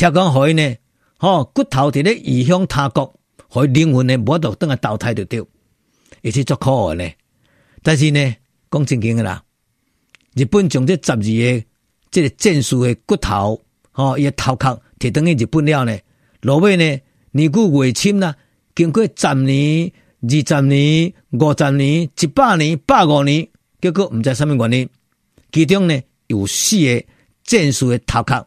跳江海呢？嗬骨頭哋咧異鄉他國，佢靈魂呢冇得等下倒汰就掉，而且可惡呢。但是呢講正經啦，日本將這十二的這個戰死骨頭，嗬一頭殼摙喺日本料呢，落尾呢年估未親，經過十年、二十年、五十年、一百年、百五年，結果唔知咩原因，其中呢有四個戰死頭殼。